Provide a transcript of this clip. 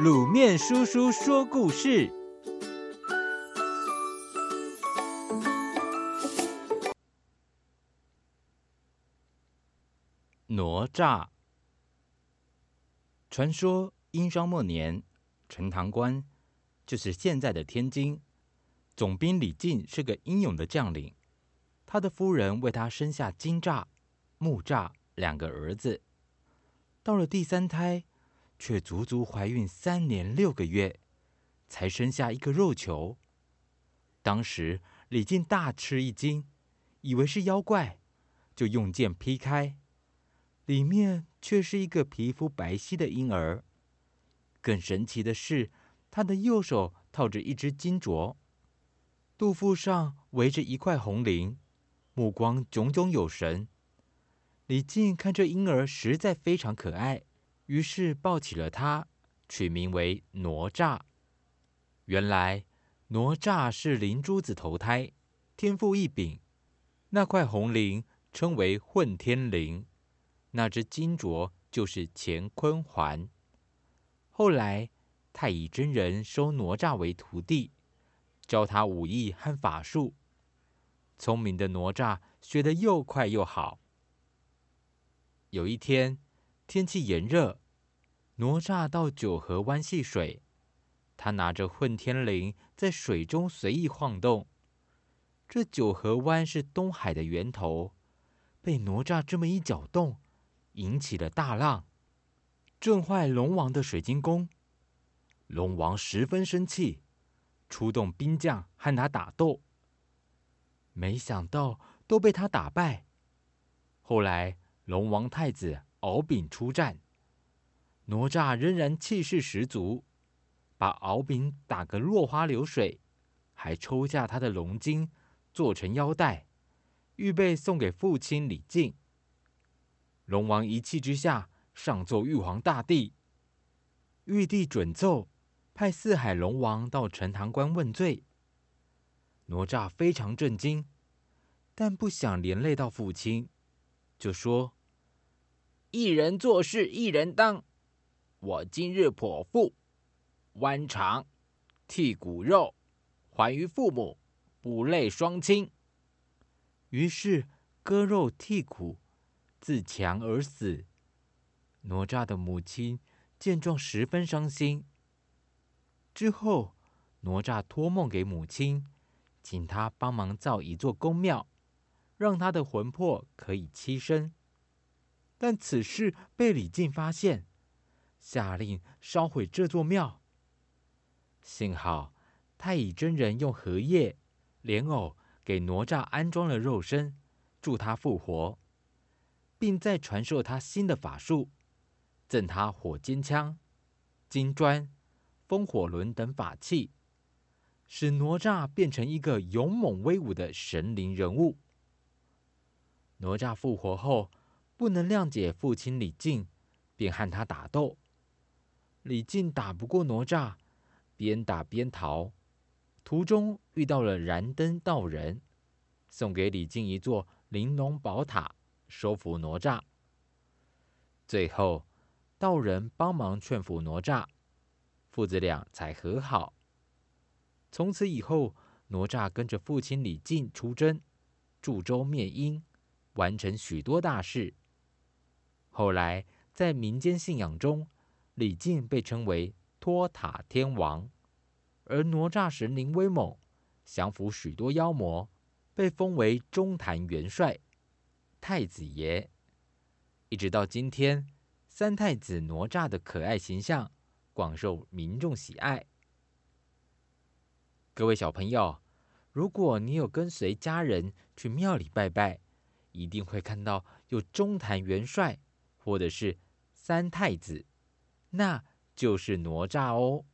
滷麵叔叔說故事：哪吒。傳說殷商末年，陳塘關就是現在的天津，總兵李靖是個英勇的將領，他的夫人為他生下金吒、木吒兩個兒子，到了第三胎，卻足足懷孕三年六個月，才生下一個肉球。當時李靖大吃一驚，以為是妖怪，就用劍劈開，裡面卻是一個皮膚白皙的嬰兒。更神奇的是，他的右手套着一隻金鐲，肚腹上圍着一塊紅綾，目光炯炯有神。李靖看這嬰兒實在非常可愛。於是抱起了他，取名為哪吒。原來哪吒是靈珠子投胎，天賦異稟。那塊紅綾稱為混天綾，那隻金鐲就是乾坤環。後來太乙真人收哪吒為徒弟，教他武藝和法術。聰明的哪吒學得又快又好。有一天，天氣炎熱，哪吒到九河灣戲水，他拿着混天綾在水中隨意晃動。這九河灣是東海的源頭，被哪吒這麼一攪動，引起了大浪，震壞龍王的水晶宮。龍王十分生氣，出動兵將和他打鬥，沒想到都被他打敗。後來，龍王太子。敖丙出戰，哪吒仍然氣勢十足，把敖丙打個落花流水，還抽下他的龍筋，做成腰帶，預備送給父親李靖。龍王一氣之下上奏玉皇大帝，玉帝准奏，派四海龍王到陳塘關問罪。哪吒非常震驚，但不想連累到父親，就說。一人做事一人當。我今日剖腹、剜腸、剔骨肉，還於父母，不累雙親。於是割肉剔骨，自強而死。哪吒的母親見狀十分傷心。之後，哪吒托夢給母親，請她幫忙造一座宮廟，讓他的魂魄可以棲身。但此事被李靖發現，下令燒毀這座廟。幸好太乙真人用荷葉、蓮藕給哪吒安裝了肉身，助他復活，並再傳授他新的法術，贈他火尖槍、金磚、風火輪等法器，使哪吒變成一個勇猛威武的神靈人物。哪吒復活後，不能諒解父親李靖，便和他打鬥。李靖打不過哪吒，邊打邊逃，途中遇到了燃燈道人，送給李靖一座玲瓏寶塔，收服哪吒。最後，道人幫忙勸服哪吒，父子倆才和好。從此以後，哪吒跟着父親李靖出征，助周滅殷，完成許多大事。後來，在民間信仰中，李靖被稱為托塔天王，而哪吒神靈威猛，降服許多妖魔，被封為中壇元帥、太子爺。一直到今天，三太子哪吒的可愛形象廣受民眾喜愛。各位小朋友，如果你有跟隨家人去廟裡拜拜，一定會看到有中壇元帥。或者是三太子，那就是哪吒哦。